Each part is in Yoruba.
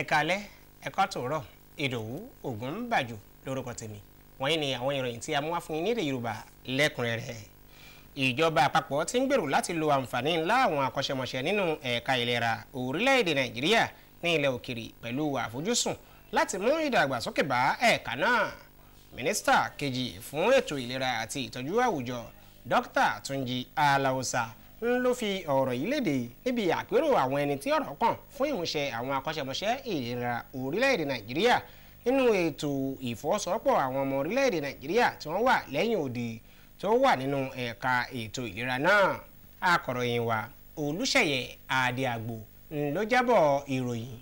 ẹ̀ka alẹ́ ẹ̀kọ́ àtòwúrọ̀ ìdòwú ògúnbàjò lórúkọ tèmi wọ̀nyí ni àwọn ìròyìn tí a mú wá fún yín ní èdè yorùbá lẹ́kùnrẹ́rẹ́ ìjọba àpapọ̀ ti ń gbèrò láti lo àǹfààní ńlá àwọn akọ́ṣẹ́mọṣẹ́ nínú ẹ̀ka ìlera orílẹ̀-èdè nàìjíríà ní ilẹ̀ òkèrè pẹ̀lú àfojúsùn láti mú ìdàgbàsókè bá ẹ̀ka náà mínísítà kejì fún ètò ìlera àti ìtọ́jú àwùjọ dókítà túnjí aláùsà ń ló fi ọ̀rọ̀ yìí léde níbi àpérò àwọn ẹni tí ọ̀rọ̀ kàn fún ìmúṣẹ àwọn akọ́ṣẹ́mọṣẹ́ ìlera orílẹ̀-èdè nàìjíríà nínú ètò ìfọwọ́sowọ́pọ̀ àwọn ọmọ orílẹ̀-èdè nàìjíríà tí wọ́n wà lẹ́yìn odi tó wà nínú ẹ̀ka ètò ìlera náà akọ̀ròyìn wa olùṣeyẹ adéagbo ń ló jábọ̀ ìròyìn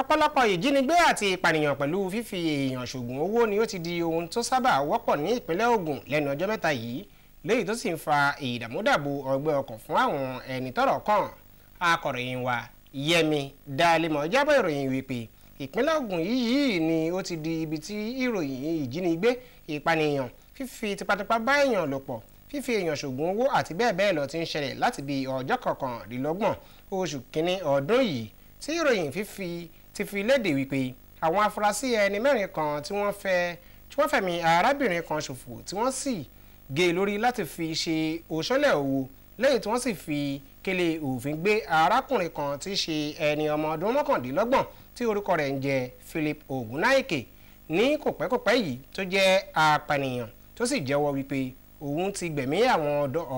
ọ̀pọ̀lọpọ̀ ìjínigbé àti ìpànìyàn pẹ̀lú fífi èèyàn ṣògùn owó ni ó ti di ohun tó sábà wọ́pọ̀ ní ìpínlẹ̀ Ògùn lẹ́nu ọjọ́ mẹ́ta yìí léyìí tó sì ń fa ìdàmúdàbò ọgbẹ́ ọkàn fún àwọn ẹni tọ́rọ̀ kàn akọ̀ròyìn wa Yẹmi Dálẹ́mọ̀ jábọ̀ ìròyìn wípé ìpínlẹ̀ Ògùn yìí ni ó ti di ibi tí ìròyìn ìjínigbé ìpànìyàn fífi tipátipá bá èèyàn lò pọ̀ fífi èèyàn ṣògùn owó àti bẹ́ẹ̀ bẹ́ẹ̀ lọ ti ń ṣẹlẹ̀ láti bí ọjọ́ kọkànlélọ́gbọ̀n oṣù kínní ọdún yìí tí ìròyìn fífi ti fi léde wípé àwọn afurasí ẹni mẹ́rin kan tí wọ́n fẹ́ tí wọ́n fẹ̀mí arábìnrin kan ṣòfò tí wọ́n sì gé e lórí láti fi ṣe òṣọ́lẹ̀ òwò lẹ́yìn tí wọ́n sì fi kélé òfin gbé arákùnrin kan tí í ṣe ẹni ọmọ ọdún mọ́kàndínlọ́gbọ̀n tí orúkọ rẹ̀ ń jẹ́ Philip Ogunnaike ní kòpẹ́kòpẹ́ yìí tó jẹ́ apànìyàn tó sì jẹ́wọ́ wípé òun ti gbẹ̀mí àwọn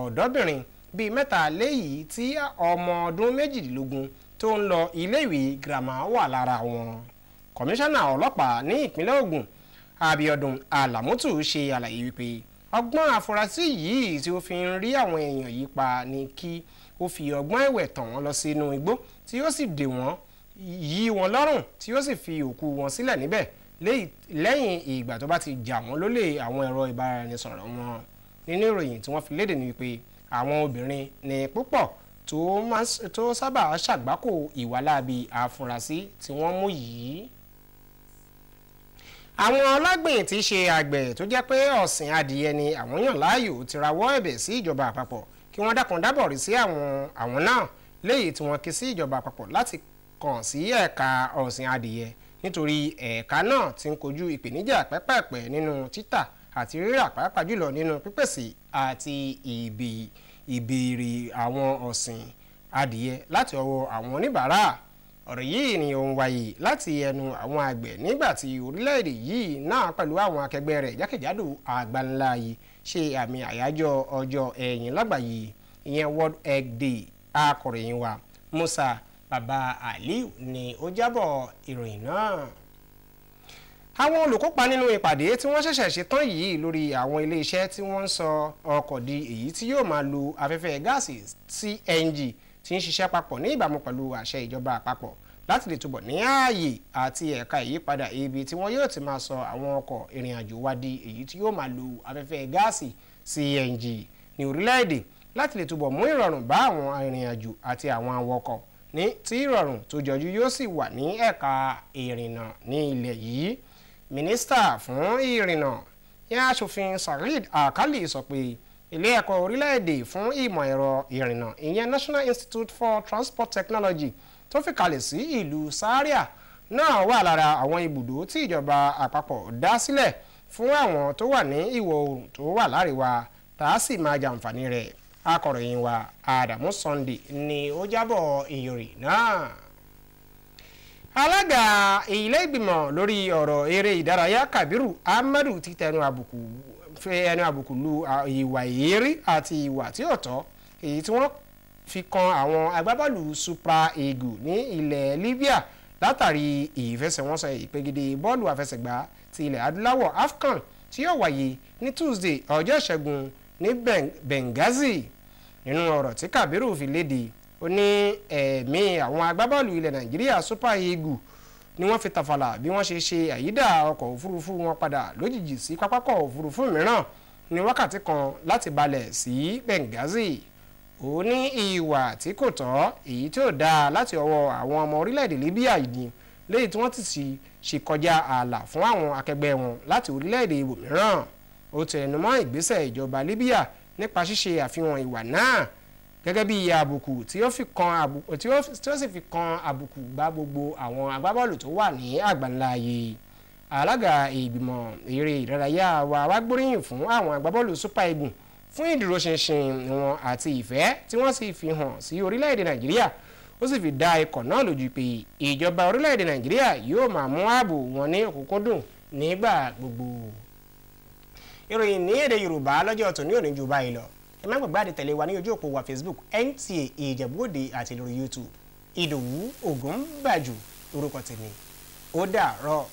ọ̀dọ́bìnrin bíi mẹ́ta léyìí tí ọmọ ọdún méjìdínlógún tó ń lọ iléèwé girama wà lára wọn kọmíṣánná ọlọ́pàá ní ìpínlẹ̀ Ògùn Abíọ́dún Alamutu ṣe àlàyé wípé ọgbọ́n àfurasí yìí tí ó fi ń rí àwọn èèyàn yìí pa ni kí ó fi ọgbọ́n ẹ̀wẹ̀ tàn wọ́n lọ sínú igbó tí ó sì dè wọ́n yí wọn lọ́rùn tí ó sì fi òkú wọn sílẹ̀ níbẹ̀ lẹ́yìn ìgbà tó bá ti jà wọ́n lólè àwọn ẹ̀rọ ìbáraẹnisọ̀rọ̀ wọn nínú ìròyìn tí wọ́n fi léde ni wípé àwọn obìnrin ni púpọ̀ tó sábà ṣàgbákò ìwà láabi àfúrásì tí wọ́n mú yìí àwọn ọlọ́gbìn tí í ṣe àgbẹ̀ tó jẹ́ pé ọ̀sìn adìyẹ ni àwọn yàn láàyò ti rawọ́ ẹ̀bẹ̀ sí ìjọba àpapọ̀ kí wọ́n dákun dábọ̀ rí sí àwọn àwọn náà léyìí tí wọ́n ké sí ìjọba àpapọ̀ láti kàn sí ẹ̀ka ọ̀sìn adìyẹ nítorí ẹ̀ka náà ti ń kojú ìpèníjà pẹ́pẹ́pẹ́ nínú títà àti rírà pàápàá jùlọ nínú pípèsè àti ìbí ìbéèrè àwọn ọ̀sìn adìyẹ láti ọwọ́ àwọn oníbàárà ọ̀rọ̀ yìí ni ó ń wáyé láti ẹnu àwọn àgbẹ̀ nígbà tí orílẹ̀-èdè yìí náà pẹ̀lú àwọn akẹgbẹ́ rẹ̀ jákèjádò àgbáńlá yìí ṣe àmì àyájọ́ ọjọ́ ẹ̀yìn lágbàáyé ìyẹn world egg day akọ̀ròyìn wa Musa Baba Aliu ni ó jábọ̀ ìròyìn náà àwọn olùkópa nínú ìpàdé tí wọ́n ṣẹ̀ṣẹ̀ ṣetán yìí lórí àwọn iléeṣẹ́ tí wọ́n ń sọ ọkọ̀ di èyí tí yóò máa lo afẹ́fẹ́ gáàsì CNG tí ń ṣiṣẹ́ papọ̀ ní ìbámu pẹ̀lú àṣẹ ìjọba àpapọ̀ láti lè túbọ̀ ní ààyè àti ẹ̀ka ìyípadà ibi tí wọ́n yóò ti máa sọ àwọn ọkọ̀ ìrìn àjò wa di èyí tí yóò máa lo afẹ́fẹ́ gáàsì CNG ní orílẹ̀-èdè láti lè túbọ̀ mú ìrọ̀rùn bá àwọn ìrìn àjò àti àwọn awakọ̀ ní tí ìrọ̀rùn tó jọjú yóò sì wà ní ẹ̀ka ìrìnnà ní ilẹ̀ yìí mínísítà fún ìrìnnà ní aṣòfin saheed akali sọ pé ilé ẹ̀kọ́ orílẹ̀-èdè fún ìmọ̀ ẹ̀rọ ìrìnnà ìyẹn national institute for transport technology tó fìkàlẹ̀ sí ìlú zaria náà wà lára àwọn ibùdó tí ìjọba àpapọ̀ dá sílẹ̀ fún àwọn tó wà ní ìwọ̀ oòrùn tó wà láríwá tá a sì máa jàǹfààní rẹ̀ akọ̀ròyìn wa Adamu Sunday ni ó jábọ̀ ìròyìn náà alága ilé ìgbìmọ̀ lórí ọ̀rọ̀ eré ìdárayá Kabiru Ahmadu ti tẹnu àbùkù fẹ́ ẹnu àbùkù lu ìwà èérí àti ìwà tí ò tọ́ èyí tí wọ́n fi kan àwọn agbábọ́ọ̀lù Supra Ego ní ilẹ̀ Libya látàrí ìfẹsẹ̀wọnsẹ̀ ìpegedè bọ́ọ̀lù àfẹsẹ̀gbá ti ilẹ̀ adúláwọ̀ AFCON tí yóò wáyé ní Tuesday ọjọ́ ìṣẹ́gun ní Benghazi nínú ọ̀rọ̀ tí Kabiru fi léde ó ní ẹ̀mí àwọn agbábọ́ọ̀lù ilẹ̀ nàìjíríà super eagles ni wọ́n fi tàfàlà bí wọ́n ṣe ṣe àyídà ọkọ̀ òfurufú wọn padà lójijì sí pápákọ̀ òfurufú mìíràn ní wákàtí kan láti balẹ̀ sí Benghazi ó ní ìwà tí kò tọ́ èyí tí ò dáa láti ọwọ́ àwọn ọmọ orílẹ̀-èdè Libya yìí lẹ́yìn tí wọ́n ti ṣe kọjá ààlà fún àwọn akẹgbẹ́ wọn láti orílẹ̀-èdè ibòmíràn ó tẹnumọ́ ìgbésẹ̀ ìjọba Libya nípa ṣíṣe àfihàn ìwà náà gẹ́gẹ́ bí iye àbùkù tí ó sì fi kan àbùkù gba gbogbo àwọn agbábọ́ọ̀lù tó wà ní àgbáńlá ayé alága ìgbìmọ̀ eré ìdárayá wa wá gbóríyìn fún àwọn agbábọ́ọ̀lù super eagle fún ìdúróṣinṣin wọn àti ìfẹ́ tí wọ́n sì fi hàn sí orílẹ̀-èdè nàìjíríà ó sì fi dá ikọ̀ náà lójú pé ìjọba orílẹ̀-èdè nàìjíríà yóò máa mú ààbò wọn ní òkúnkúndùn nígbà gbogbo ìròyìn ní èdè yorùbá lọ́jọ́ tòní òní jù báyìí lọ ẹ má gbàgbé àti wa ní ojú òpó wa Facebook NTA Ìjẹ̀bú Òde àti lórí YouTube Ìdòwú Ògúnbàjò orúkọ tèmi ó dàárọ̀.